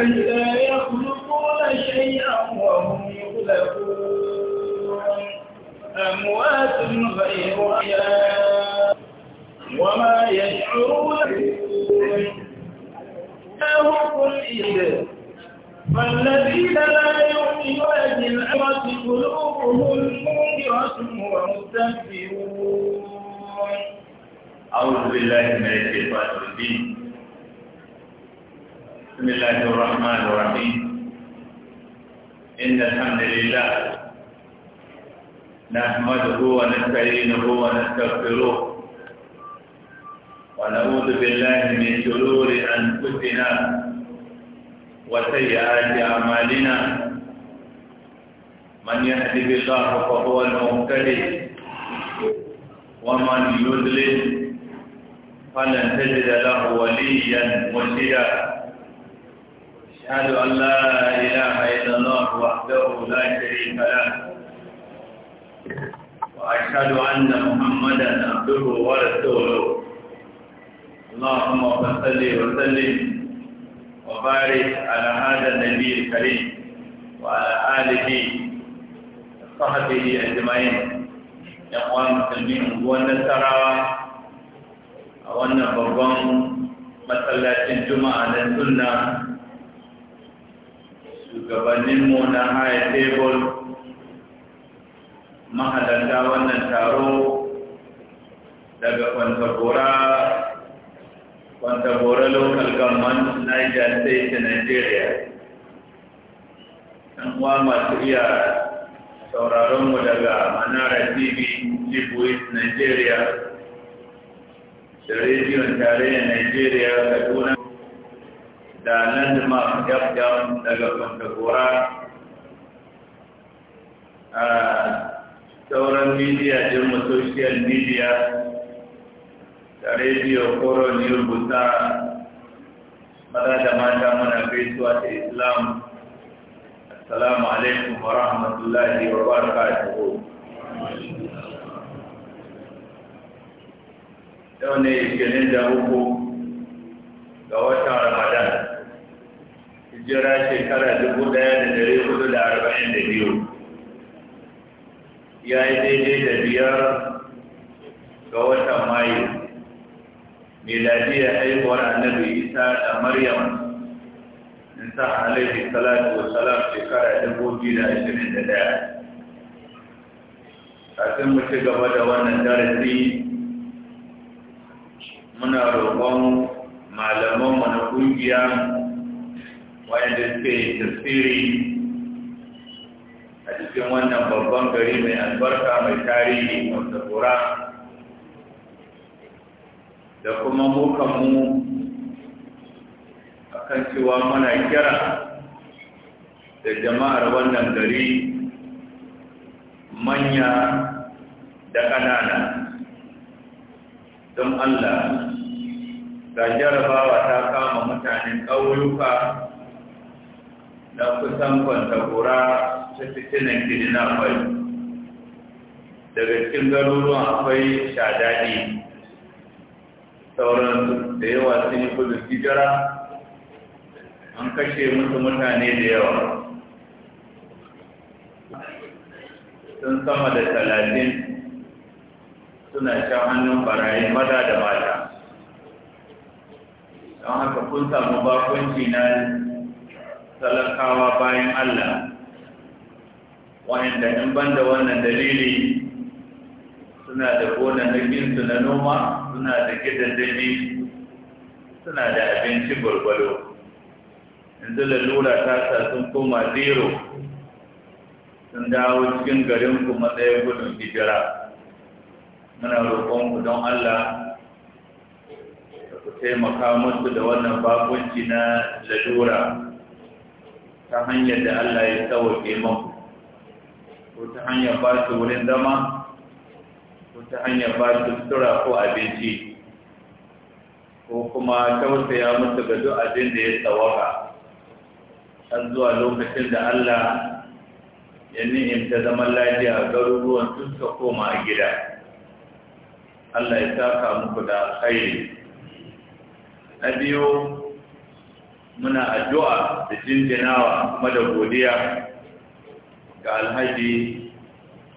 الله نستعينه ونستغفره ونعوذ بالله من شرور أنفسنا وسيئات أعمالنا من يهد الله فهو المهتدي ومن يضلل فلن تجد له وليا مرشدا أشهد أن لا ashadu an na muhammadu na abubu wara tolo na ọmọ kasale wasale wa bari ala hada na biyu kare wa ala alihi da sahabi yi a jima'i ya kwa musulmi unguwan nasara a wannan babban matsalacin juma'a na sunna shugabanninmu na haifebol mahalarta wannan taro daga kwantabora kwantabora local government niger state nigeria ɗan uwa masu iya sauraronmu daga manara tv jibuit nigeria da rediyon tarayyar nigeria kaduna da landmark fm daga kwantabora ah, sauran media jirma social media da radio koro ni rubuta mata da mata muna gaisuwa ta islam assalamu alaikum wa rahmatullahi wa barakatuhu yau ne ishirin da uku ga watan ramadan hijira shekara dubu daya da dari hudu da arba'in da biyu ya yi daidai da biyar ga watan mayu miladiyar haihuwar annabi isa da maryam isa alaihi salatu wa salam shekara dubu biyu da ashirin da daya kafin mu ci gaba da wannan darasi muna roƙon malamanmu na ƙungiya wa'anda suke tasiri a cikin wannan babban gari mai albarka mai tarihi wanda kura da kuma mukanmu a kan cewa muna kira da jama'ar wannan gari manya da ƙanana don Allah ga jarabawa ta kama mutanen ƙauyuka na kusan kwanta kura ta gini na akwai daga cikin garuruwan akwai shadadi sauran da yawa sun yi gudun hijira an kashe musu mutane da yawa sun sama da talatin suna shan hannun barayin maza da mata don haka kun samu bakunci na talakawa bayan Allah wa'anda in ban da wannan dalili suna da gonannakin su na noma suna da gidaddami suna da abinci gwargwado yanzu lalura ta sa sun koma zero sun dawo cikin garin ku matsayin gudun hijira muna roƙonku don Allah da ku taimaka musu da wannan bakunci na lalura ta hanyar da Allah ya tsawo muku ko ta hanyar ba su wurin zama ko ta hanyar ba su tura ko abinci ko kuma ya mutu ga duk abin da ya tsawaka har zuwa lokacin da Allah ya ta zaman lafiya garuruwan sun ka koma gida Allah ya saka muku da alkhairi na biyu muna addu'a da jinjinawa kuma da godiya ga alhaji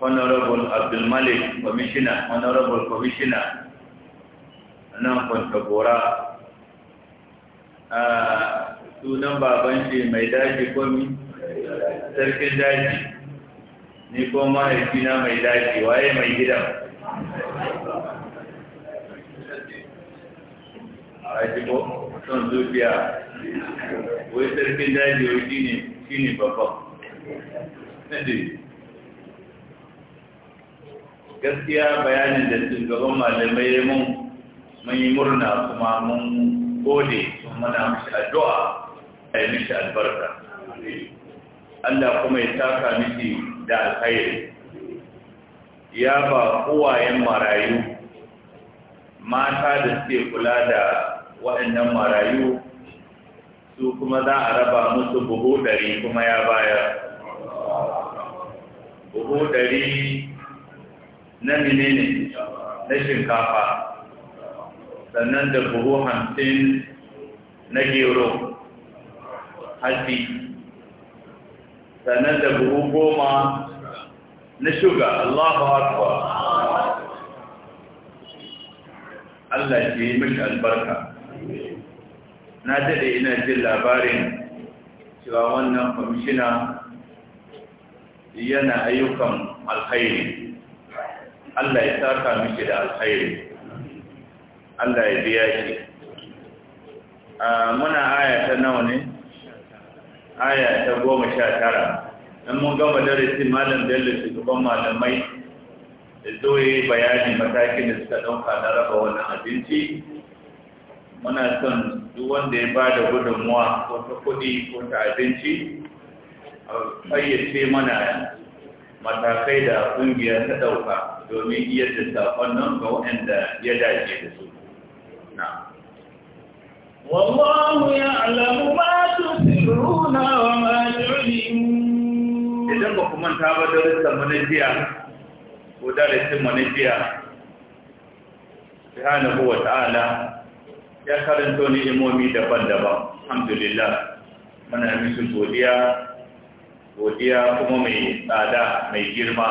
honorable abdulmalik commissioner honorable commissioner nan kwantagora a ah, sunan baban shi mai daji komi sarkin daji ni ko mahaifina mai daji waye mai gida? a ko son zuciya wai sarkin daji wai shi ne babban gaskiya bayanin da shugaban malamai mun mun yi murna kuma mun gode sun mana mishi addu'a a yi mishi albarka Allah kuma ya taka mishi da alkhairi ya ba kowayen marayu mata da suke kula da waɗannan marayu su kuma za a raba musu buhu ɗari kuma ya bayar buhu ɗari na menene na shinkafa sannan da buhu hamsin na gero hatsi sannan da buhu goma na shuga Allahu Akbar Allah ke yi mashi albarka na daɗe ina jin labarin cewa wannan kwamishina yana ayyukan alkhairi Allah ya saka miki da alkhairi Allah ya biya shi muna aya ta nawa ne aya ta goma sha tara in mun gama darasi malam bello shugaban malamai da zoye bayani matakin da suka ɗauka na raba wannan abinci muna son duk wanda ya ba da gudunmuwa ko ta kuɗi ko ta abinci ayyace mana matakai da ƙungiyar ta ɗauka domin iya littafan nan ga waɗanda ya dace da su. Na. Wallahu ya alamu ma tusiruna wa ma yu'limun. Idan ba kuma ta ba da rissa manajiya ko da rissa manajiya subhanahu wa ta'ala ya karanto ni imomi daban-daban. Alhamdulillah. Muna mishi godiya godiya kuma mai tsada mai girma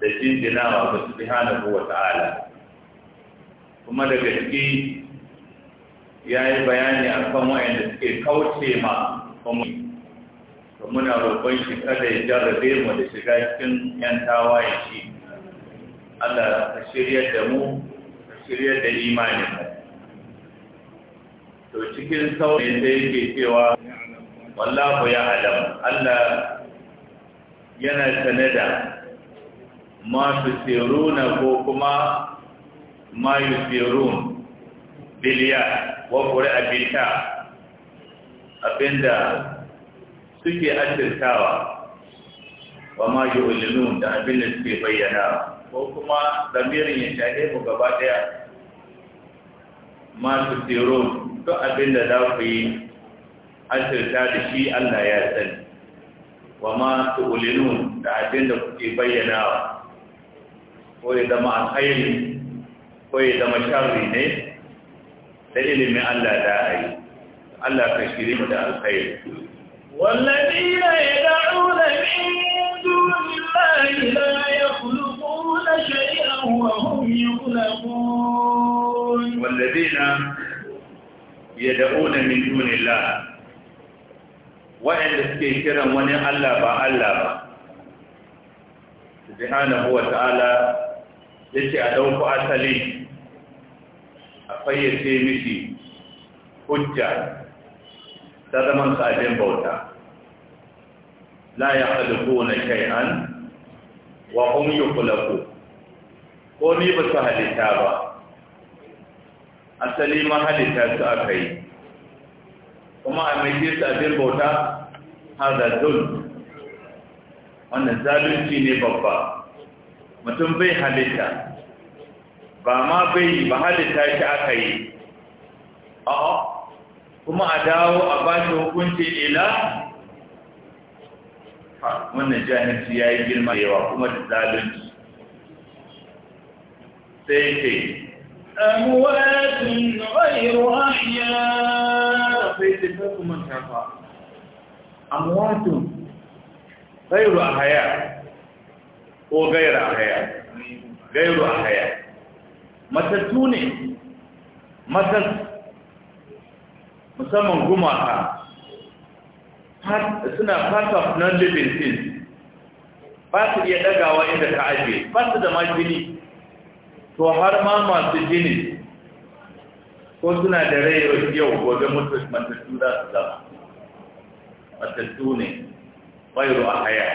da jinjinawa ga subhanahu wa ta'ala kuma daga ciki ya yi bayani a kan waɗanda suke kauce ma ka muna roƙon shi kada ya jarrabe mu da shiga cikin 'yan tawaye shi Allah ka shirya da mu ka shirya da imanin mu to cikin sauran da yake cewa wallahu ya alam Allah yana sanada ma tusiruna ko kuma ma yusirun biliya wa qur'a bita abinda suke asirtawa wa ma yu'linun da abinda suke bayyana ko kuma zamirin ya shaɗe mu gaba ɗaya ma tusirun duk abinda za ku yi asirta da shi Allah ya sani wa ma tu'linun da abin da kuke bayyanawa ko ya zama alkhairi ko ya zama sharri ne da ilimin Allah da ai Allah ka shiri da alkhairi والذين يدعون من دون الله لا يخلقون شيئا وهم يخلقون والذين يدعون من دون wa'anda suke kiran wani Allah ba Allah ba subhanahu wa ta'ala ya ce a ɗauku asali a fayyace mishi hujja ta zaman sajin bauta la yakhluquna shay'an wa hum kulaku. ko ni ba su halitta ba asali ma halitta su aka yi kuma a mai su abin bauta har da zul wannan zalunci ne babba mutum bai halitta ba ma bai ba halitta shi aka yi a'a kuma a dawo a ba shi hukuncin ila wannan jahilci ya yi girma yawa kuma da zalunci sai ce أموات غير أحيان kada ku manta fa amwatun ghayru ahaya ko ghayra ahaya ghayru ahaya matattu ne matat musamman ha suna part of non-living things ba su iya dagawa inda ta aje ba su da majini to har ma masu jini ko suna da rai yau gobe mutu matattu za su zama matattu ne Bai a haya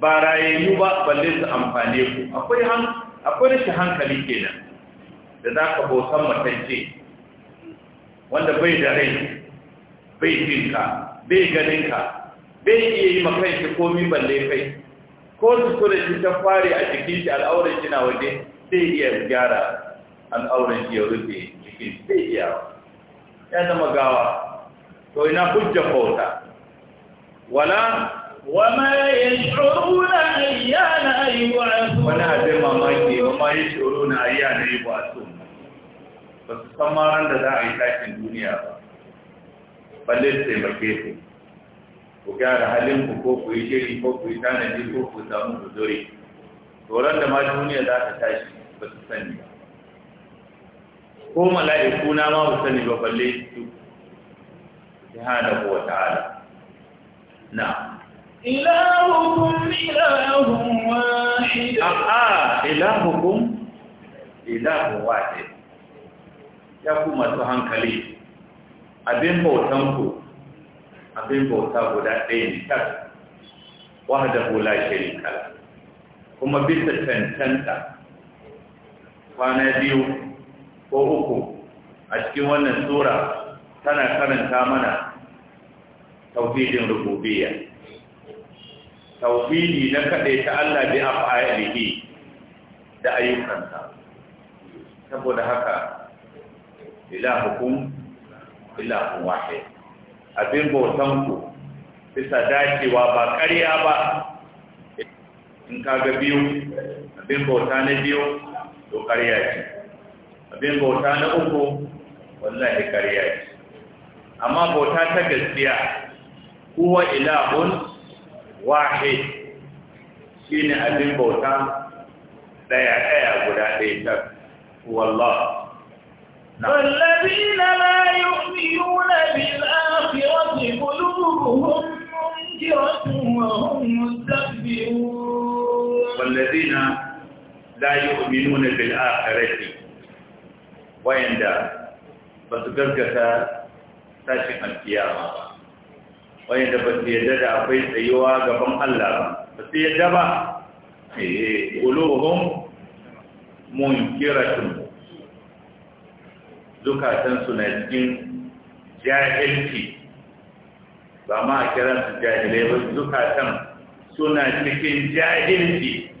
ba rayayyu ba balle su amfane ku akwai han akwai rashin hankali kenan da za ka bautan matacce wanda bai da rai bai jinka bai ganinka bai iya yi makan shi komi balle kai ko su kula shi ta fare a jikin shi al'aurar shi na waje sai iya gyara auren shi ya rufe jikin sai iyawa ya zama gawa to ina hujja ta? wala ma yash'uruna ayyana yub'athun wala abin mamaki ma yash'uruna ayyana yub'athun ba su san maran da za a yi tashin duniya ba balle su taimake su ku gyara halin ku ko ku yi shiri ko ku yi tanadi ko ku samu gudure tsoron da ma duniya za ta tashi ba su sani ba ko mala'iku na ma ba sani ba balle su subhanahu ko ta'ala na ilahukum ilahun wahid a'a ilahukum ilahun wahid ya ku masu hankali abin bautan ku abin bauta guda ɗaya ne tak ko la shirika kuma bisa tantanta kwana biyu ko uku a cikin wannan sura tana karanta mana tauhidin rububiyya tauhidi na kaɗai ta Allah bi af'alihi da ayyukansa saboda haka ilahukum ilahun wahid abin bautan ku bisa dacewa ba ƙarya ba in kaga biyu abin bauta na biyu to ƙarya ce abin bauta na uku wallahi ƙarya ce amma bauta ta gaskiya kuwa ilahun wahid shi ne abin bauta ɗaya-ɗaya guda ɗaya ta wallah والذين لا يؤمنون بالآخرة قلوبهم منكرة وهم مستكبرون والذين لا يؤمنون بالآخرة wayanda ba su gaggata tashin alkiya ba wayanda ba su yadda da akwai tsayuwa gaban Allah ba ba su yadda ba eh uluhum munkiratun zukatan su na cikin jahilci ba ma a kira su jahilai ba zukatan suna cikin jahilci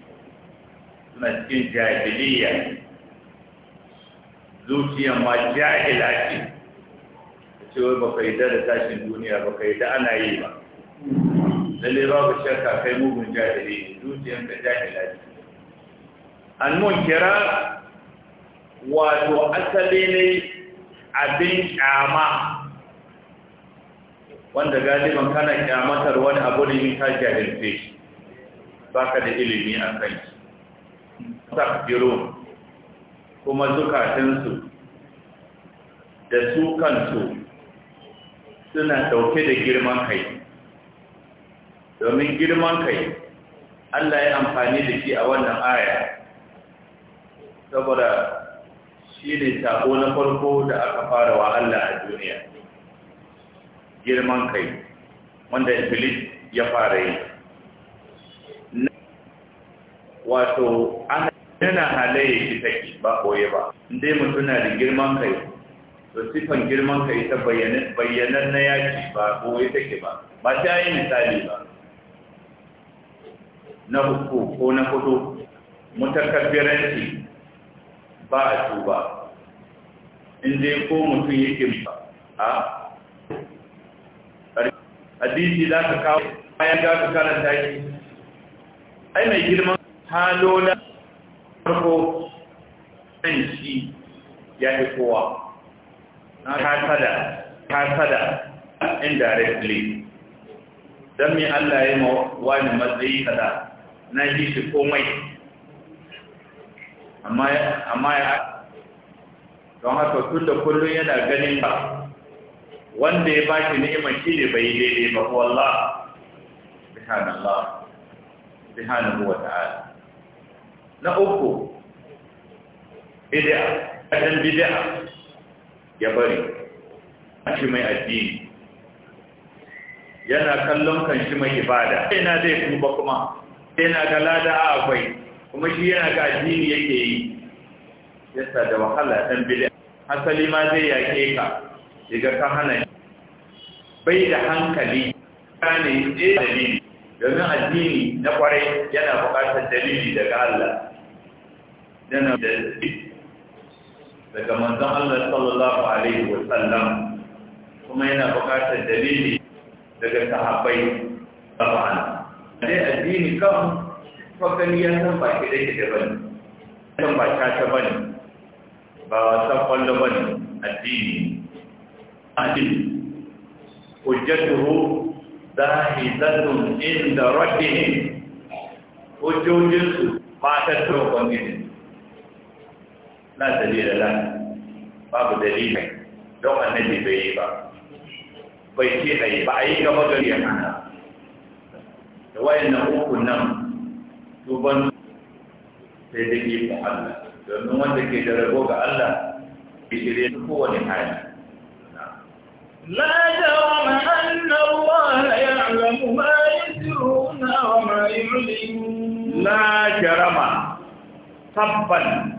suna cikin jahiliya zuciya ma jahila ce ce wai baka yi da tashin duniya baka yi da ana yi ba lalle ku shakka kai mugun jahili zuciyar ka jahila ce kira wato asali ne abin kyama wanda galiban kana kyamatar wani abu ne in ka jahilce shi baka da ilimi a kai takbirun kuma zukatansu da su kansu suna ɗauke da girman kai domin girman kai Allah ya amfani da shi a wannan aya saboda shi ne sako na farko da aka fara wa Allah a duniya girman kai wanda Iblis ya fara yi wato ana bayyana halayya shi take ba koye ba inda mutum na da girman kai to sifan girman kai ta bayyanan na yaki ba koye take ba ba ta yi misali ba na uku ko na hudu mutakabbiranci ba a tuba inda ko mutum yake ba a hadisi za ka kawo bayan za ka karanta shi ai mai girman halola farko ɗan shi ya fi kowa hasada hasada indirectly don mi Allah ya ma wani matsayi kada na yi shi komai amma ya don haka tun da kullum yana ganin ba wanda ya ba shi ni'imar shi ne bai daidai ba wallah bihanallah bihanallah wata'ala na uku bid'a adan bid'a ya bari shi mai addini yana kallon kan shi mai ibada yana zai tuba kuma yana ga lada akwai kuma shi yana ga addini yake yi yasa da wahala dan bid'a hasali ma zai yake ka daga ka hana bai da hankali kane dalili domin addini na kwarai yana buƙatar dalili daga Allah yana da daga manzan Allah sallallahu alaihi wa sallam kuma yana buƙatar dalili daga sahabbai tabi'an dai addini kan fakani ya san ba ke dake da bane san ba ta ta bane ba wasan kwallo bane addini Adil, hujjatuhu zahidatun inda rabbihim hujjojinsu ba ta tsoron gidansu na dalila la babu dalilin don annabi bai yi ba bai ce a yi ba a yi gaba gari a hana da wayan na uku nan tuban sai da ke mu Allah domin wanda ke da rabo ga Allah bai shirye ta kowane hali لا جرم أن الله يعلم ما يسرون وما يعلنون لا jarama تبا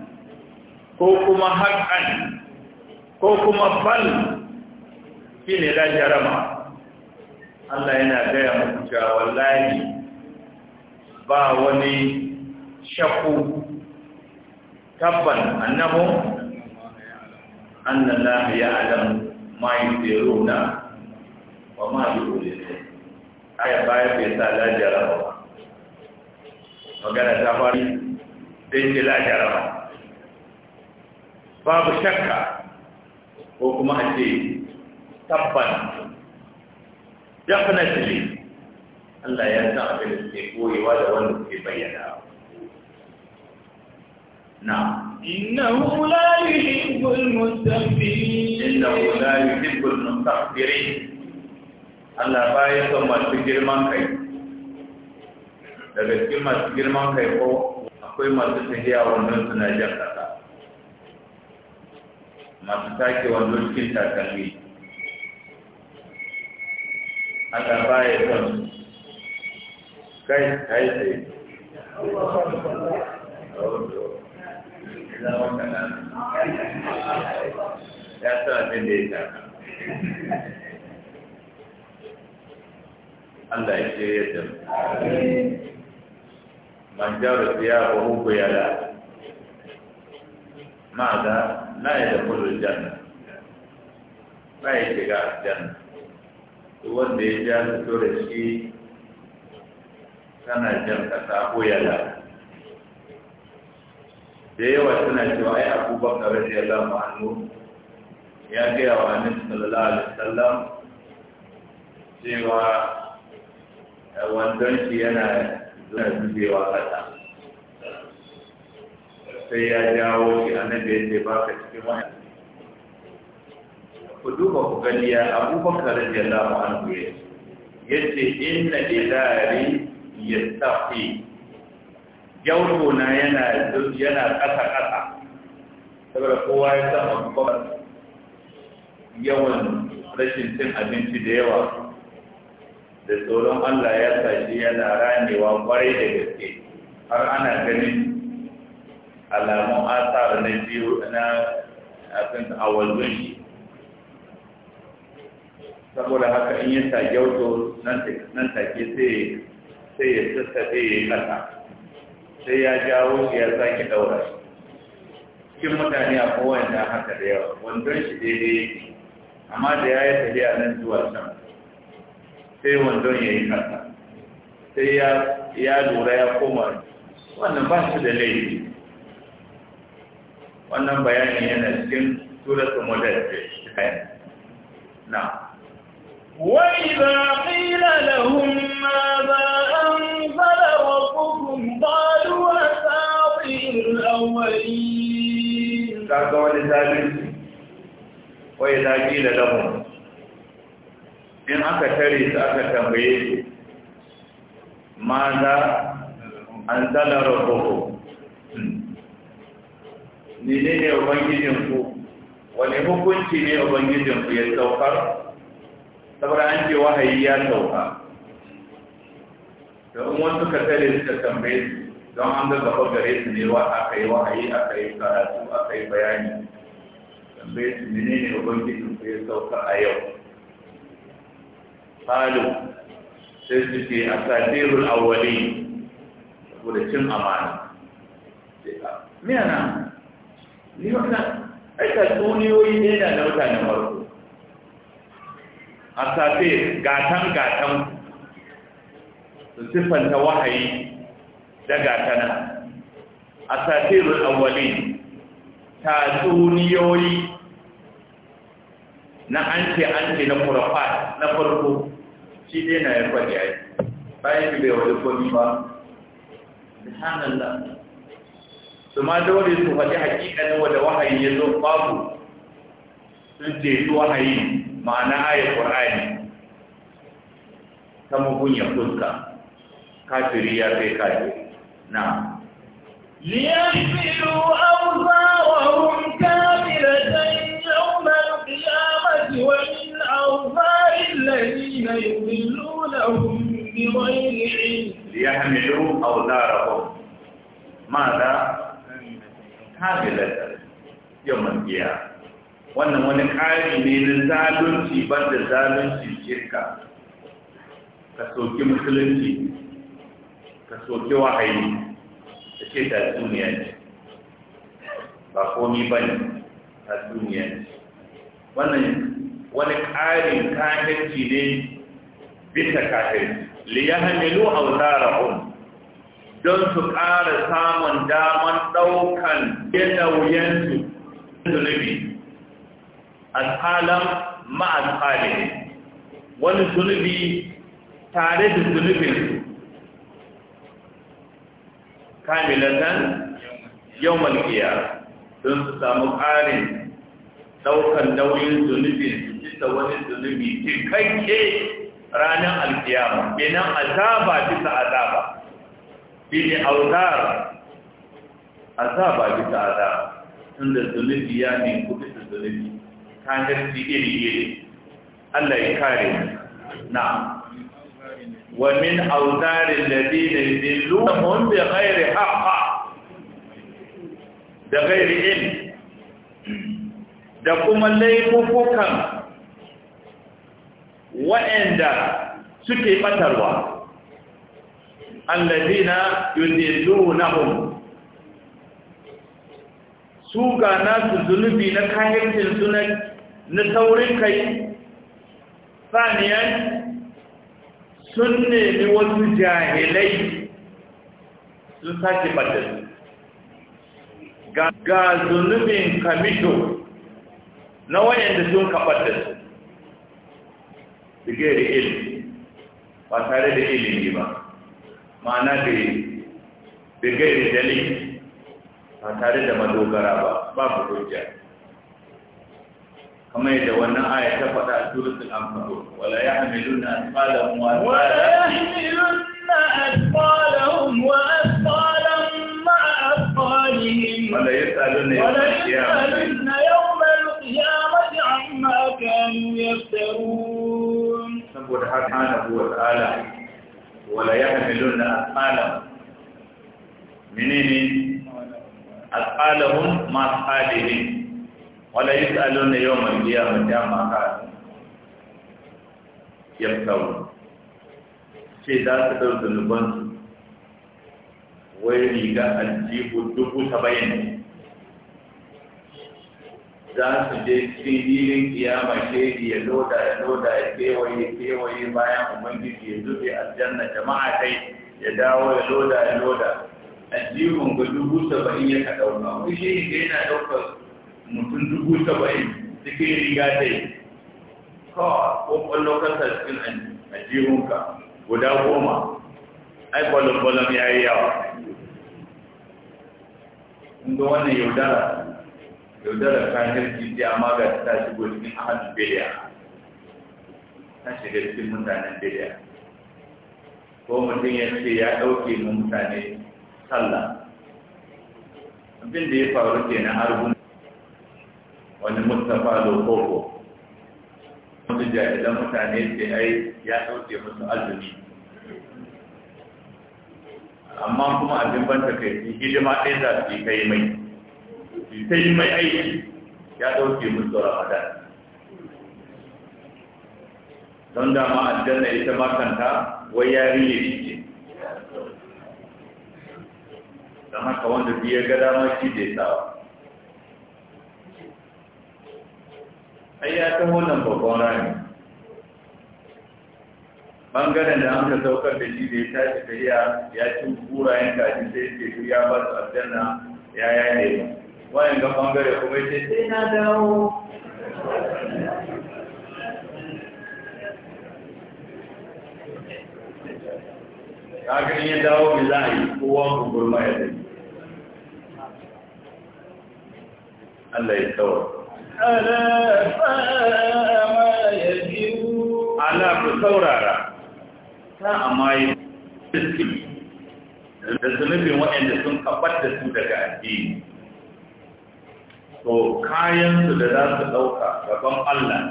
ko kuma haƙan ko kuma bal shi ne da jarama Allah yana gaya muku cewa wallahi ba wani shakku tabban ya annallahi ya'lamu ma yusiruna wa ma yu'linuna aya baya bai sa la jarama magana ta fari sai ce la jarama babu shakka ko kuma a ce tabban definitely Allah ya san abin da suke koyewa da wanda suke bayyana na إنه la yuhibbul المستكبرين إنه la yuhibbul المستكبرين Allah baya son masu girman kai daga cikin masu girman kai ko akwai masu tafiya wannan suna jan kasa masu sake wando cikin takalmi haka baya son kai kai tsaye ya sa abin da ya taka Allah ya shirya da mu. Man jaru siya ba ماذا لا يدخل الجنة لا يشجع الجنة wanda ya ja fito da shi tana jan kasa ko yala da yawa suna a ai abubakar radiyallahu anhu ya gaya wa annabi sallallahu alaihi wasallam cewa wandon yana zuwa zubewa kasa sai ya jawo shi nan ya ce ba ka cikin wani ku duba ku gani ya abubakar radiyallahu anhu ya yace inna ilari yastafi jawto na yana yana kasa kasa saboda kowa ya san abubakar yawan rashin cin abinci da yawa da tsoron Allah ya sa shi yana ranewa kwarai da gaske har ana ganin alamun asar na biyu na akan awalun shi saboda haka in yi tagyauto nan take sai ya sassaɓe ya yi ƙasa sai ya jawo ya sake ɗaura shi cikin mutane a kowane da haka da yawa wandon shi daidai yake amma da ya yi tafiya nan zuwa can sai wandon ya yi ƙasa sai ya lura ya koma wannan ba shi da laifi wannan bayani yana cikin suratul mudaththir na وإذا قيل لهم ماذا أنزل ربكم قالوا أساطير الأولين كذا ولذلك وإذا قيل لهم in aka tare su aka tambaye su ma za an menene ubangijin ku wani hukunci ne ubangijin ku ya saukar saboda an ce wahayi ya sauka da in wasu ka tare suka tambaye su don an ga gaba gare su ne wa aka yi wahayi aka yi karatu aka yi bayani tambaye su menene ubangijin ku ya sauka a yau Falo sai su ce a satirul awwali saboda cin amana sai ni wannan aika duniyoyi ne da na mutanen farko a safe gatan gatan su siffanta wahayi da gatana a safirul ta tatsuniyoyi na anti-anti na kurafat na farko shi ne na ya faɗi bayan ki bai wani komi ba da hannun su ma dole su faɗi hakikan wanda wahayi ya zo babu sun ce su wahayi ma'ana ayat qur'ani ta mugunya fuska kafiri ya kai kafiri na ليحملوا أوزارهم كاملة يوم القيامة ومن أوزار الذين يضلونهم بغير علم ليحملوا أوزارهم ماذا yau yawan biya wannan wani ƙari ne na zalunci banda zalunci shirka ka soke musulunci ka soke wahayi ta ce ta duniya ce ba komi ba ne ta duniya ce wannan wani ƙarin kafirci ne bisa kafirci liyahamilu autara hun don su ƙara samun daman ɗaukan yadauyensu zunubi alhalan ma'alhali wani zunubi tare da zunubinsu kamilatan yau malkiya don su samu ƙarin ɗaukan nauyin zunubin su da wani zunubi cikakke ranar alkiyama benin azaba bisa azaba shi ne autar azaba bisa azaba tunda zunubi ya ne ku bisa zunubi ta garci iri iri Allah ya kare na wa min autarin ladina Mun bi ghairi haqqa da ghairi ilmi da kuma laifukan waɗanda suke ɓatarwa alladina yudillunahum su ga nasu zunubi na kahircin su na taurin kai saniyan sun nemi wasu jahilai sun sake batin ga zunubin kamito na wayanda sun kafa da su da gari ilmi ba tare da ilimi ba ma'ana bai bai gairi dalil ba tare da madogara ba babu hujja kamar yadda wannan aya ta faɗa a suratul anfal wala yahmiluna asqalahum wa wala wa asqalan ma asqalihim wala yasaluna wala yau yawma al-qiyamati amma kanu yaftarun saboda haka na wa ta'ala wala yahmilun asqalam menene asqalahum ma asqalihim wala yus'aluna yawmal qiyamati amma kanu yaftaru ce za su ɗau zunubansu wai riga aljihu dubu saba'in za su je cikin ilin kiyama shedi ya loda ya loda ya kewaye kewaye bayan ubangiji ya zube aljanna jama'a dai ya dawo ya loda ya loda aljihun ga dubu saba'in ya ka ɗauka wani shi ne yana ɗaukar mutum dubu saba'in cikin riga dai kawai ko kwallo kasa cikin ka guda goma ai ƙwallon ƙwallon ya yi yawa. Inda wannan yaudara yaudara kafirci sai amma ga ta shigo cikin ahadin bidiya ta shiga cikin mutanen bidiya ko mutum ya ce ya ɗauke mu mutane sallah abin da ya faru ke na argun wani mustapha lokoko wani jahilan mutane ce ai ya ɗauke musu azumi amma kuma abin ban takaici hidima ɗaya za su yi kai mai ta yi mai aiki ya ɗauke musu ramadan don dama aljanna ita makanta wai yarinya shi don haka wanda biya ga damar shi da sawa ai ya ta wannan babban rami bangaren da an ka saukar da shi da ya tashi tafiya ya cin kurayen kaji sai ce ya ba su aljanna ya yaye ba wayan ga bangare kuma ce sai na dawo kakan ya dawo mai za a yi kowa ya zai Allah ya tsawo ala ku saurara ta amma yi da zunubin waɗanda sun kaɓar da su daga addini to kayan su da za su ɗauka gaban Allah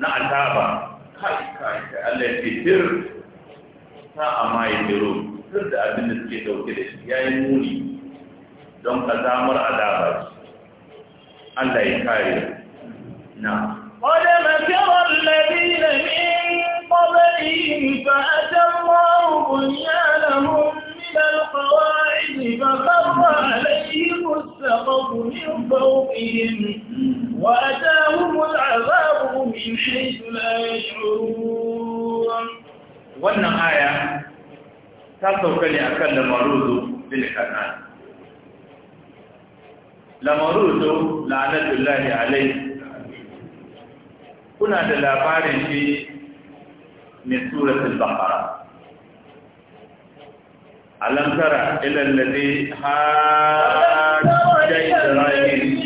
na azaba kai kai kai Allah ya ce tir ta amma ya biro, tir da abin da suke ɗauke da shi ya yi muni don kazamar azaba Allah ya kare na قد مكر الذين من قبلهم فأتى الله بنيانهم من القواعد فخر سقطوا من فوقهم وأتاهم العذاب من حيث لا يشعرون وأن آية تصوك لأكل المرود بالحنان المرود لعنة الله عليه كنا تلافار في من سورة البقرة ألم ترى إلى الذي حاكم إبراهيم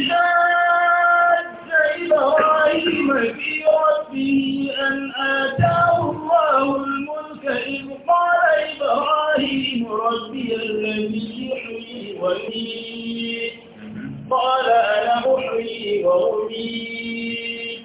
في ربه أن آتاه الله قال إبراهيم ربي الذي يحيي قال أنا أحيي وأميت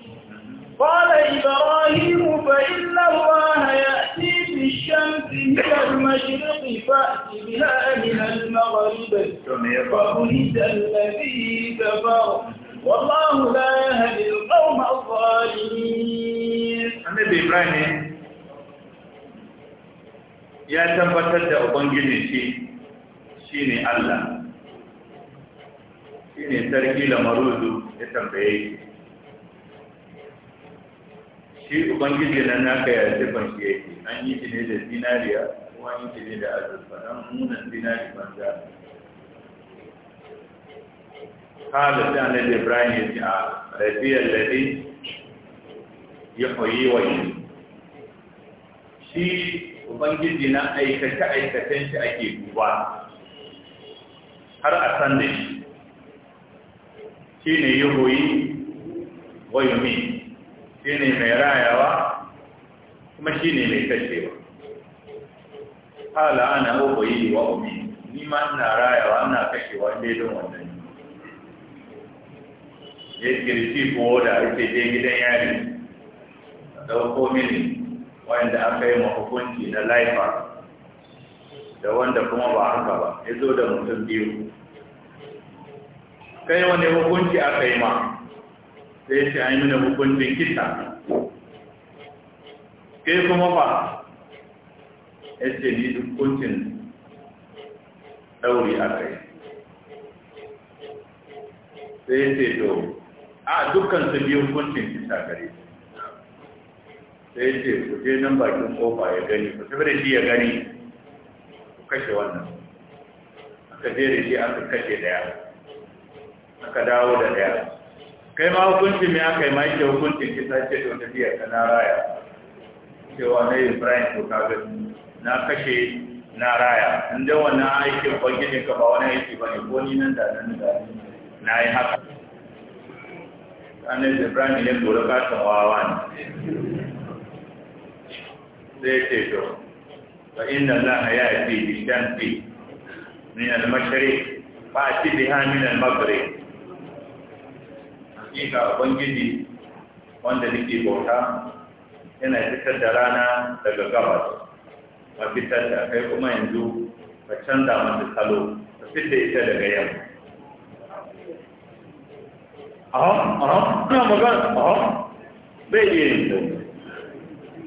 قال إبراهيم فإن الله يأتي الشمس من المشرق فأت بها من المغرب فبهت الذي كفر والله لا يهدي القوم الظالمين النبي إبراهيم ya tabbatar da ubangiji shi shine Allah shine sarki lamaruzu ya tambaye shi shi ubangiji na naka ya sifan shi yake an yi shi ne da zinariya kuma an yi shi ne da azurfa dan munan zinari banza kala da annabi ibrahim ya ce a rabiyar ladi ya koyi wa yi shi ubangiji na aikace aikacen shi ake duba har a san da shi shi ne ya koyi wa yi shi ne mai rayawa kuma shi ne mai kashewa hala ana ogo yi wa omi ni ma ina rayawa ina kashewa inda don wannan ya kirci ko da rufe je gidan yari a ɗauko mini wanda aka yi mahukunci na laifa da wanda kuma ba haka ba ya zo da mutum biyu kai wani hukunci aka yi ma sai ya ce a yi mini hukuncin kisa ke kuma ba ya ce ni hukuncin ɗauri a kai sai ya ce to a dukkan su biyu hukuncin kisa gare sai ya ce ku je nan bakin kofa ya gani ku tafi da shi ya gani ku kashe wannan aka je da shi aka kashe daya aka dawo da daya kai ma hukunci mai aka yi ma yake hukuncin kisa ce don tafiya ka na raya cewa na ibrahim ko kaga na kashe na raya in dai wannan aikin bangijin ka ba wani aiki ba ne ko ni nan da nan da na yi haka annabi ibrahim ya kora kasan wawa ne sai ce to fa inna allaha ya'ti bi shamsi min al-mashriq fa ati biha min al-maghrib hakika ubangiji wanda nake bauta yana fitar da rana daga gabas a fitar da kai kuma yanzu ka canza mata salo ka fitar ita daga yamma Ahon, ahon, ina magana ahon, bai iya yin da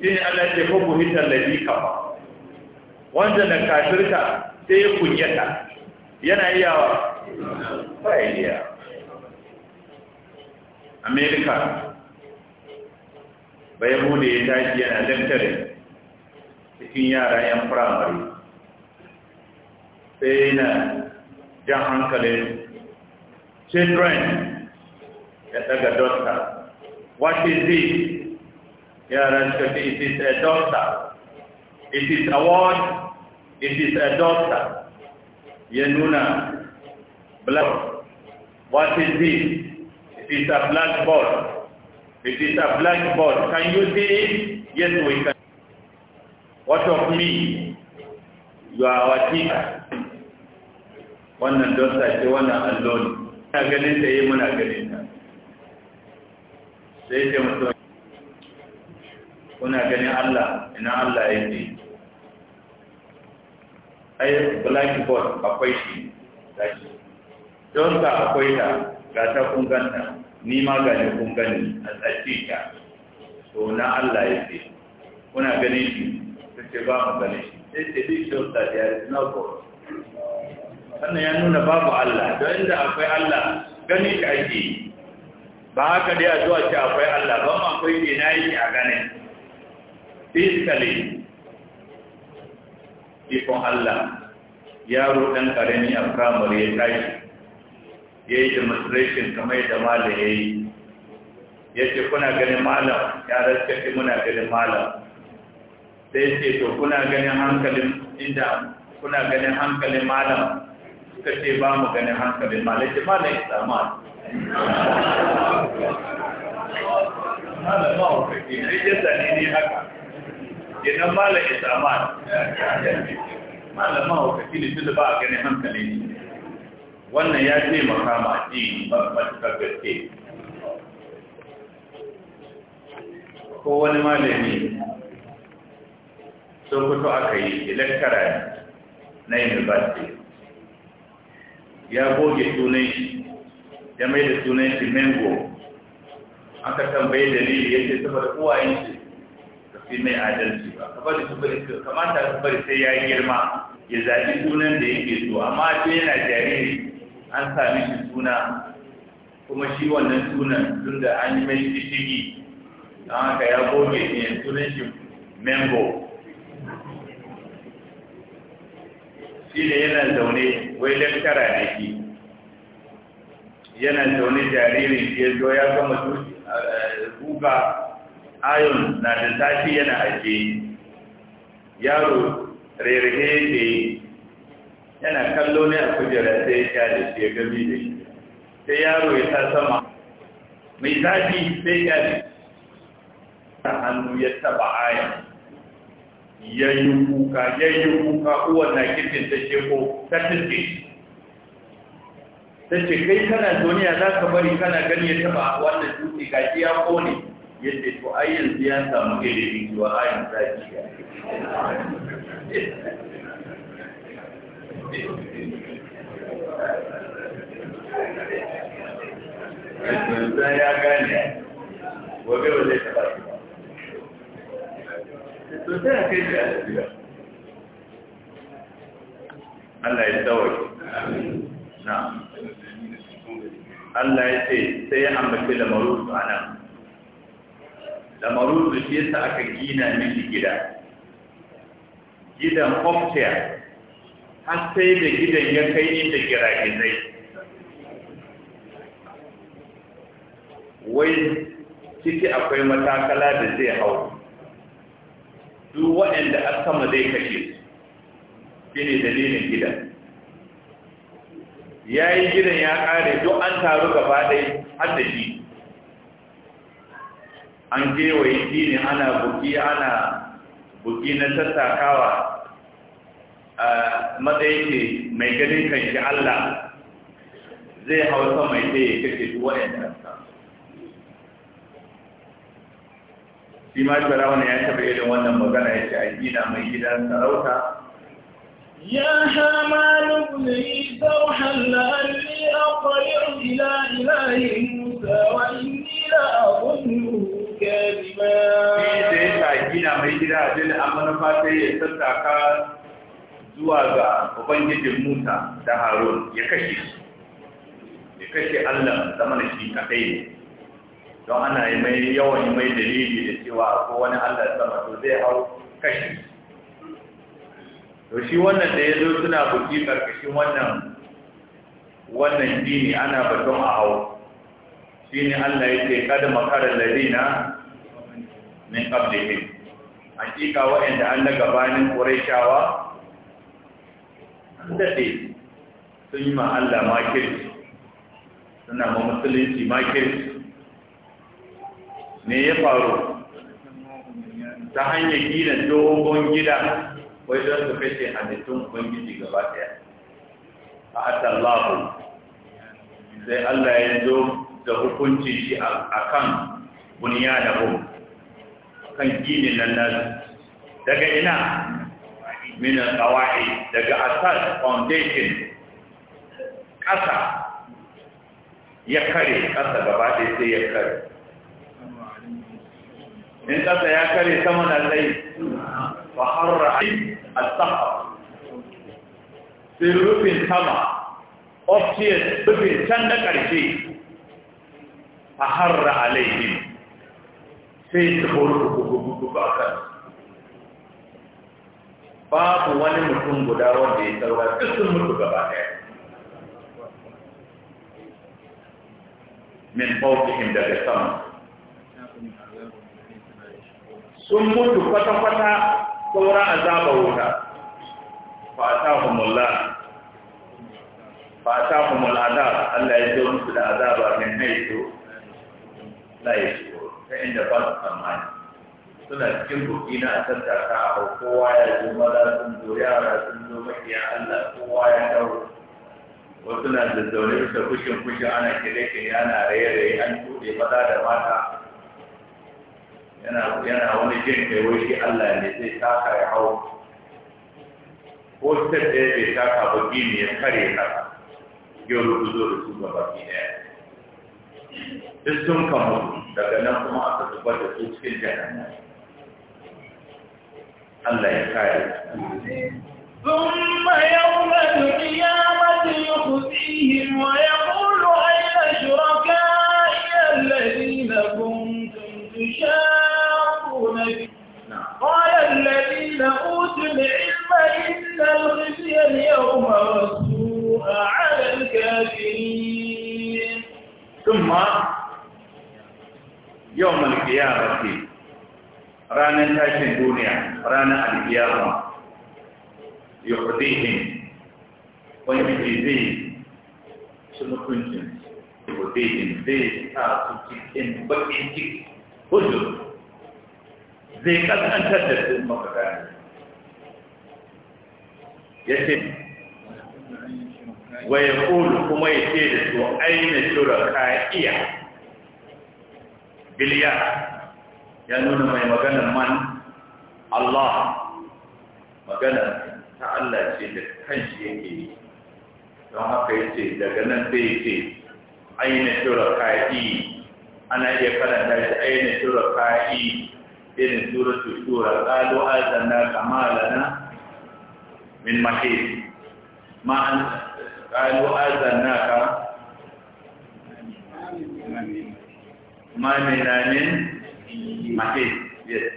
shi ne Allah ce ko buhitar da jika ba wanda na kafirta sai ya kunyata yana iya ba iya amerika bai bude ya tashi yana daftare cikin yara 'yan firamare sai yana jan hankalin children ya daga dosta what is this yara suka ce it is a dosta it is a word it is a dosta ya nuna blood what is this It's a blackboard. It is a blackboard. Can you see it? Yes, we can. What of me? You are our teacher. One and sace wannan allo ne. Muna ganin say, yi muna Say ta. Sai ce mutum. Kuna ganin Allah, ina I ya ce. Ai, blackboard akwai shi. Don ka a ta. gata kun ganta ni ma ga kun gani a tsaki ta to na Allah ya ce kuna ganin shi ta ce ba mu ganin shi sai ce duk shows da yare na no sannan ya nuna babu Allah don inda akwai Allah gani shi ake yi ba haka dai a zuwa ce akwai Allah ba mu akwai ke na yi a ganin physically ikon Allah yaro ɗan ƙarami a firamare ya tashi ya yi demonstration kamar da malam ya yi ya ce kuna ganin malam ya raskafi muna ganin malam sai ce to kuna ganin hankalin inda kuna ganin hankalin malam suka ce ba mu ganin hankalin malam ce malam ya sama malam ma wakaki ne ya sani ne haka Idan malam ya sama malam ma wakaki ne tunda ba a ganin hankalin wannan ya ce makama ji matuƙar gaske ko wani malami sun fito aka yi ilakkara na university ya goge sunan shi ya mai da sunan shi mango aka tambaye dalili ya ce saboda yin shi ka fi mai adalci ba ka bari su bari kamata su bari sai ya girma ya zaɓi sunan da yake so amma to yana jariri an sami shi suna kuma shi wannan sunan tun da an yi mai shishigi don haka ya goge ne sunan shi membo shi ne yana zaune wai lankara da shi yana zaune jaririn shi ya zo ya kama eh, guga ayon na da tashi yana ajiye yaro rere ne yana kallo ne a kujera sai ya sha da shi ya gami da shi sai yaro ya sa sama mai zafi sai ya da shi hannu ya taba aya ya yi kuka ya yi kuka uwan na kifin ta sheko ta tiske ta ce kai kana duniya za ka bari kana gani ya taba wannan dutse ga shi ya kone ya ce to ayyanzu ya samu ilimin zuwa ayin zafi ya Yanzu ya gane, gobe ba zai taɓa shi ba. Sosai a kai shi a tafiya. Allah ya tsawai. Na. Allah ya ce sai ya ambaci lamarutu a nan. Lamarutu shi yasa aka gina mini gida. Gidan Homtier An sai da gidan ya kai inda giragizai wai ciki akwai matakala da zai hau duk waɗanda a sama zai kashe shi ne dalilin gidan ya yi gidan ya ƙare duk an taru gaba ɗai har da shi an kewaye shi ne ana buki ana buki na tattakawa matsayin ke mai ganin kan shi Allah zai hau mai sai ya ce duk wa'yan da ta shi ma shi ya taɓa irin wannan magana ya ce a gina mai gida sarauta Ya hama lubni zauhan lalli a ƙwayar ila ilayin Musa wa inni la abunnu kariba. Ya ce gina mai gida a jini a manufa sai ya ka. zuwa ga ubangijin Musa da Harun ya kashe ya kashe Allah zama da shi kadai ne don ana yi mai yawan yi mai dalili da cewa ko wani Allah sama to zai hau kashe to shi wannan da ya zo suna buki karkashin wannan wannan dini ana batun a hau shi ne Allah ya ce kada makarar ladina min qablihim hakika waɗanda an na gabanin Qurayshawa daɗe sun yi ma Allah suna ma musulunci makir ne ya faru ta hanyar gina dogon gida wai don su kashe halittun ubangiji gaba ɗaya a atallahu sai Allah ya zo da hukunci shi a kan buniya da kan gini nan nan daga ina min al-qawaid daga asas foundation ƙasa ya kare ƙasa gaba ɗaya sai ya kare in ƙasa ya kare sama na lai fa harra al-sahab sai rufin sama ofciyar rufin can da ƙarshe fa harra alaihim sai su hurru gugugugu ba kan babu wani mutum guda wanda ya saura duk sun mutu gaba ɗaya min daga sama sun mutu kwata-kwata saura azaba wuta fatahumullah fatahumul azab Allah ya zo musu da azaba min haitu ya yashkurun ta inda ba su tsammani suna cikin buki na a kan taka a hau kowa ya zo maza sun zo yara sun zo makiya Allah kowa ya dawo wasu na da zaune da kushin kushin ana kire kire ana raye raye an tuɗe maza da mata yana yana wani jin kai wai shi Allah ne zai taka ya hau ko step ɗaya bai taka ba gini ya kare ka yau rubuzo da su gaba ki ɗaya duk sun kamu daga nan kuma aka zubar da su cikin jahannama Allah ya ثم يوم القيامة يخزيهم ويقول أين شركائي الذين كنتم تشاقون فيه قال الذين أوتوا العلم إن الخزي اليوم والسوء على الكافرين ثم يوم القيامة ranar tashin duniya ranar alkiyama yuhdihim wani mai zai su mutuncin yuhdihim zai sa su cikin bakin ciki hudu zai ƙasantar da su maka gani ya ce wa kulu kuma ya ce da su aina shura ka iya biliya ya nuna mai maganar man Allah maganar ta Allah ce da kanshi yake yi don haka ya ce daga nan zai ce aina tura ka'i ana iya karanta shi aina tura ka'i irin suratu shura qalu azanna kamalana min mahis ma an qalu azanna ka ma min mace yes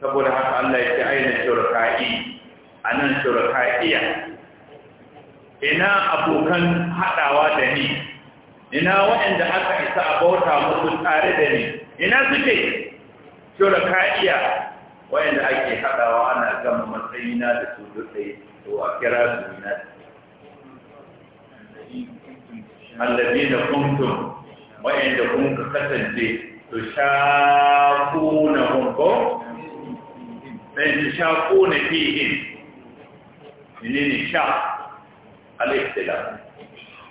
saboda haka Allah ya ce aina shuraka'i anan shuraka'iya ina abokan hadawa da ni ina waɗanda aka isa a bauta musu tare da ni ina suke shuraka'iya waɗanda ake hadawa ana gama matsayina da su dutse to a kira su ina allazina kuntum waɗanda kun kasance تشاقونهم كو فإن تشاقون فيهم منين شاق الاختلاف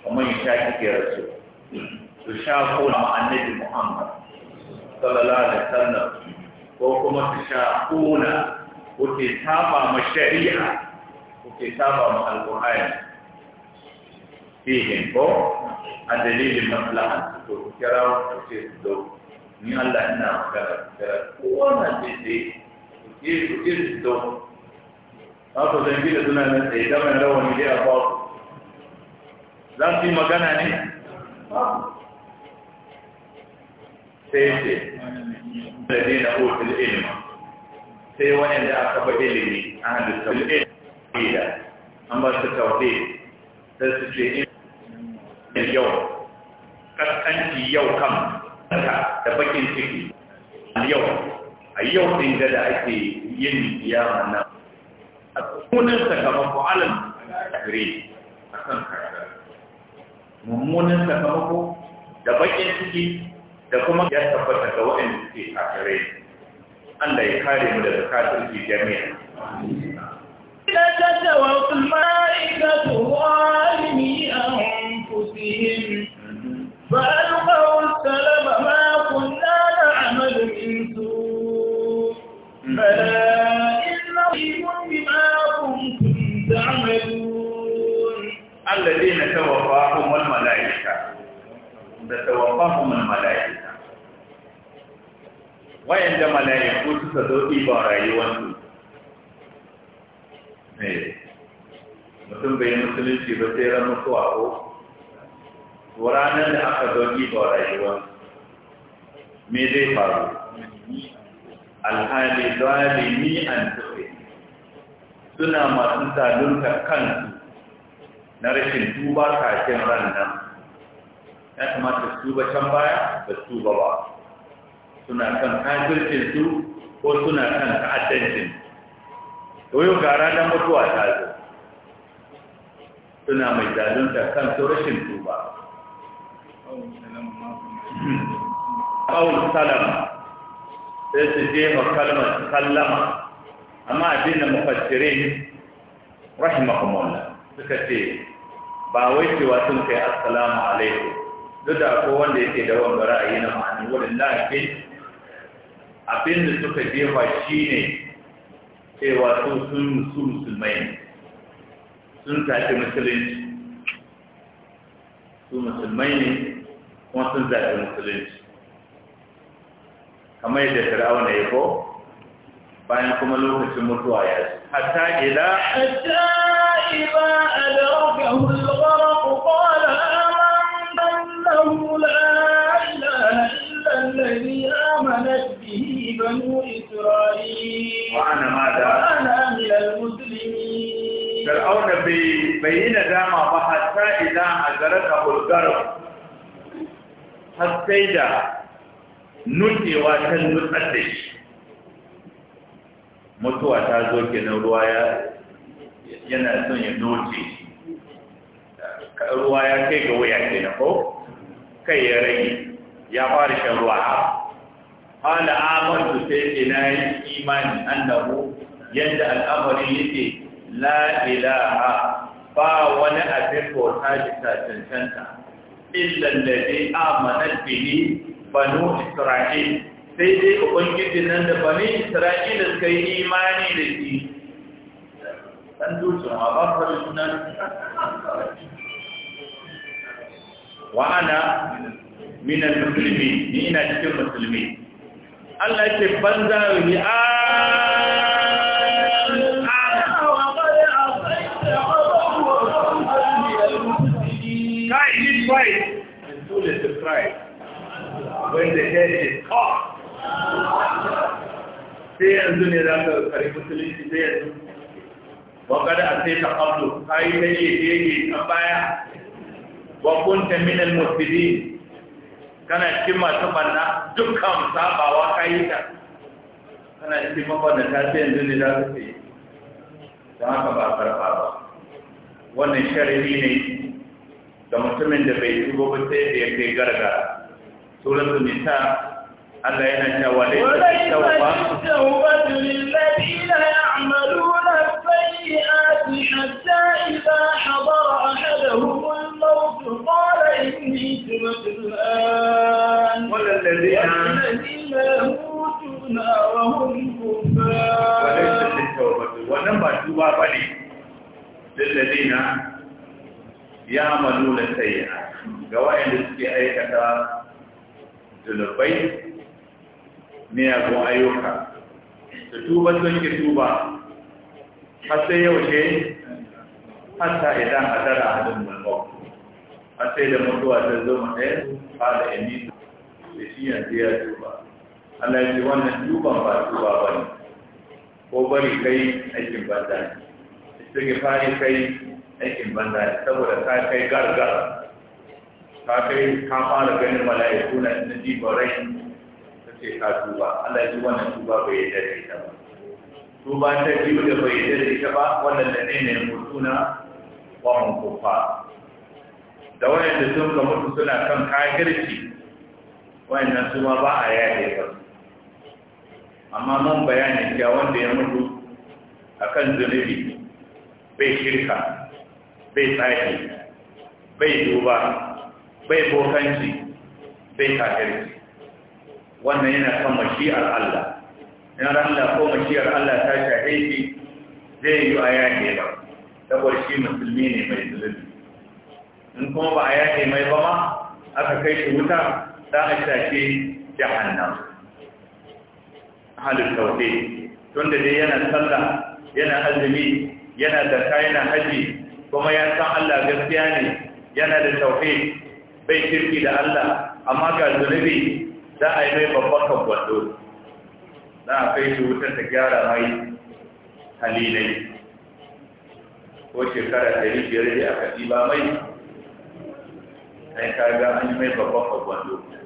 ومن يشاكك رسول تشاقون مع النبي محمد صلى الله عليه وسلم وكما تشاقون وتتابع مع الشريعه وتتابع مع القران فيهم كو الدليل المصلحه تذكروا ni Allah ina magana da kowa na daidai ku ke ku ke su don haka zangi da suna nan tsaye damar rawani dai a baku za su yi magana ne sai ce da ne na otul ilma sai wani da aka ba ilimi a halittar ilimi da an ba su tauhid sai su ce in yau kaskanci yau kan da bakin ciki a yau a yau din da da ake yin kiyama nan a sunan sakamako alam gare a kan karkar mummunan sakamako da bakin ciki da kuma ya tabbata ga waɗanda suke kakare Allah ya kare mu daga kafirci jami'a لا تتوقف الملائكة ظالمي أنفسهم فألقوا da tawaffahumul malaika wayanda malaiku suka zo ɗiban rayuwarsu eh, mutum bai musulunci ba sai ran mutuwa ko ranar da aka zo ba rayuwa me zai faru alhali zalimi an tufe suna masu zalunta kansu na rashin tuba kashin ran nan ya kamata su ba can baya ba su ba ba suna kan kafircin su ko suna kan ta'addancin to yau gara ranar mutuwa ta zo suna mai zalunta kan su rashin tuba ƙawul salama sai su jefa kalmar sallama amma abin da mufassirin suka ce ba wai cewa sun kai assalamu alaikum duk da ko wanda yake da wanda ra'ayi na ma'ani wurin lafi abin da suka jefa ne cewa su sun su musulmai sun tafi musulunci su musulmai ne kuma sun zaɓi musulunci kamar yadda fir'aun ya yi ko bayan kuma lokacin mutuwa ya hatta ila hatta ila alawka الذي آمنت به بنو إسرائيل وأنا ماذا؟ وأنا من المسلمين فرعون بين دام فحتى إذا أدركه الغرب حتى نتي وكان نتأدش mutuwa ta zo kenan ruwa yana son ya noce ruwa ya kai ga waya kenan ko kai ya rage ya fara shan ruwa qala amantu sai ce na yi imani annahu yadda al'amari yake la ilaha ba wani abin bauta bisa cancanta illa lade amanar fili banu isra'il sai dai ubangiji nan da banu isra'ila suka yi imani da shi ɗan dutsen a ba faru sunan wa'ana Minan musulmi ni ina cikin musulmi Allah yake ce banza ni a ah, Guy, this way. And do When the head is off. Sai yanzu ne za ka kari musulunci sai yanzu. da a sai ta ƙablo, ka yi ta yi ta yi ta baya. Wa kunta minal musulmi kana cikin masu banna dukkan sabawa kayi ta kana cikin da ta ce yanzu ne za su ce don haka ba karfa ba wannan sharari ne da mutumin da bai shigo ba sai da ya kai gargara suratul nisa Allah yana cewa da ya lilladina ya'maluna حتى إذا حضر أحدهم الموت قال ya malu da sayyana ga wa'in da suke aikata zulubai ne a zuwa ayyuka da sun ke tuba har sai yau ce hata idan hadara a dun malu a sai da mutuwa ta zama ɗaya fada ya nisa da shi yanzu ya tuba Allah ya ce wannan tuban ba tuba ba ne ko bari kai aikin banza ne suke fari kai aikin banza ne saboda ta kai gargara Ta kai ka fara ganin mala'iku na na jiba rai ta ce ka tuba Allah ya ce wannan tuba bai ya dare ta ba tuba ta biyu da bai yi dare ta ba wannan da ne ne mutuna wa mun kufa da wayanda sun ka mutu suna kan kafirci wayannan su ma ba a yaye ba amma mun bayani ya wanda ya mutu akan zunubi bai shirka bai tsaki bai duba bai bokanci bai kafirci wannan yana kan mashi'ar Allah yana Allah ko mashi'ar Allah ta shahidi zai yi a yaye ba saboda shi musulmi ne mai zunubi in kuma ba a yaƙe mai ba ma aka kai shi wuta za a shafe jahannam halin tauhe tunda dai yana sallah yana azumi yana zakka yana haji kuma ya san Allah gaskiya ne yana da sauƙe, bai shirki da Allah amma ga zunubi za a yi mai babban za a kai shi wutar ta gyara mai halilai ko shekara ɗari biyar da aka ɗiba mai ai ka ga an mai babban babban lokaci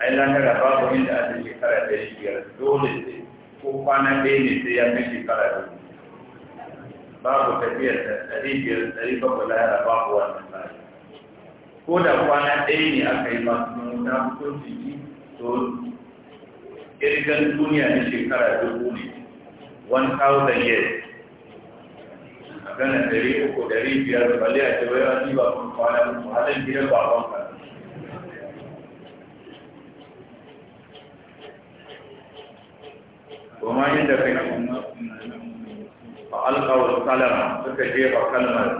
ai lahira babu inda a cikin shekara da biyar dole ne ko kwana ɗaya ne sai ya fi shekara da babu tafiyar da ɗari biyar ɗari bakwai lahira babu wannan tsari ko da kwana ɗaya ne aka yi masu nuna ko ji to ƙirgan duniya na shekara dubu ne 1000 years maganar dari uku dari biyar balle a cewa yawan Ba kun kwana musu halin gidan babanka kuma yadda kai ba alƙawar kalama suka jefa kalmar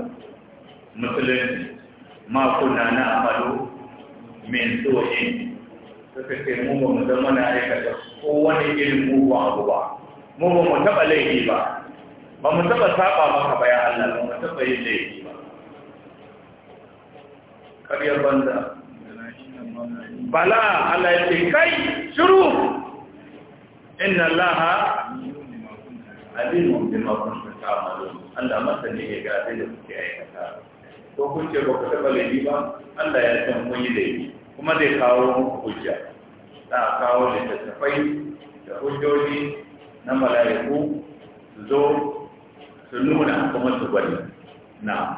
musulunci ma kuna na amalu min so'in suka ce mu ba mu zama na aikata kowane irin mugun abu ba mu ba mu taɓa laifi ba ba mu taba saba maka bayan Allah ba mu taba yin laifi ba kariyar banza bala Allah ya ce kai shiru inna Allah alimun bima kuntum ta'malu Allah masa ne ya ga abin da kuke aikata To kun ce ba ku taba laifi ba Allah ya san kun yi laifi kuma zai kawo muku hujja za a kawo littattafai da hujjoji na mala'iku zo سلونا كما تقول نعم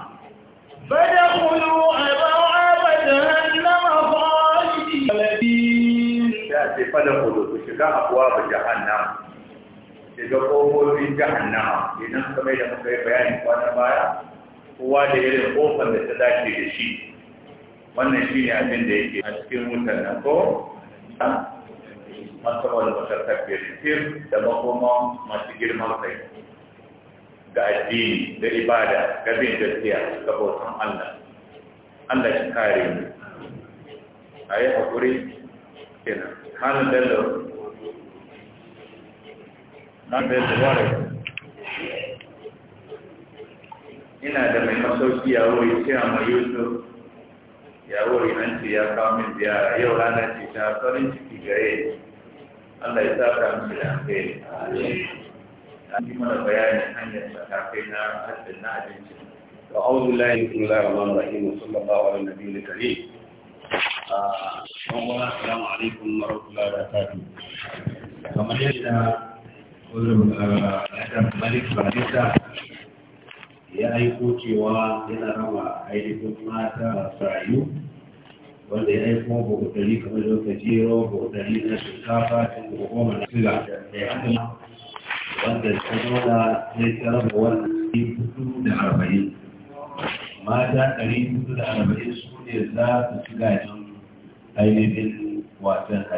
فدخلوا أبواب جهنم خالدين تأتي فدخلوا تشكى أبواب جهنم daga ƙofofin jahannama idan kamar da muka yi bayani kwana baya kowa da irin ƙofar da ta dace da shi wannan shi ne abin da yake a cikin wutan nan ko masu wani masarkar da makoma masu girman kai ga addini da ibada ga bin gaskiya ga bautan Allah Allah ya kare mu ayi hakuri kenan halin dallo nan da zuware ina da mai masauki ya wuri sai a mai yusuf ya wuri nan ce ya kawo min ziyara yau ranar ce ta farin ciki yi. Allah ya saka mu da alheri في مرة بيان هنيا سكاكينا أعوذ بالله بسم الله الرحمن الرحيم وصلى الله على النبي الكريم السلام عليكم ورحمة الله وبركاته kamar yadda ah, adam malik barista ya aiko cewa yana raba ainihin mata masu rayu wanda ya aiko bugu dari kamar lokaci rawa bugu dari na shinkafa da goma na sila da ya wanda ta nuna ya tsara wannan hudu da arba'in mata ɗari hudu da arba'in su ne za su ci gajen ainihin wasan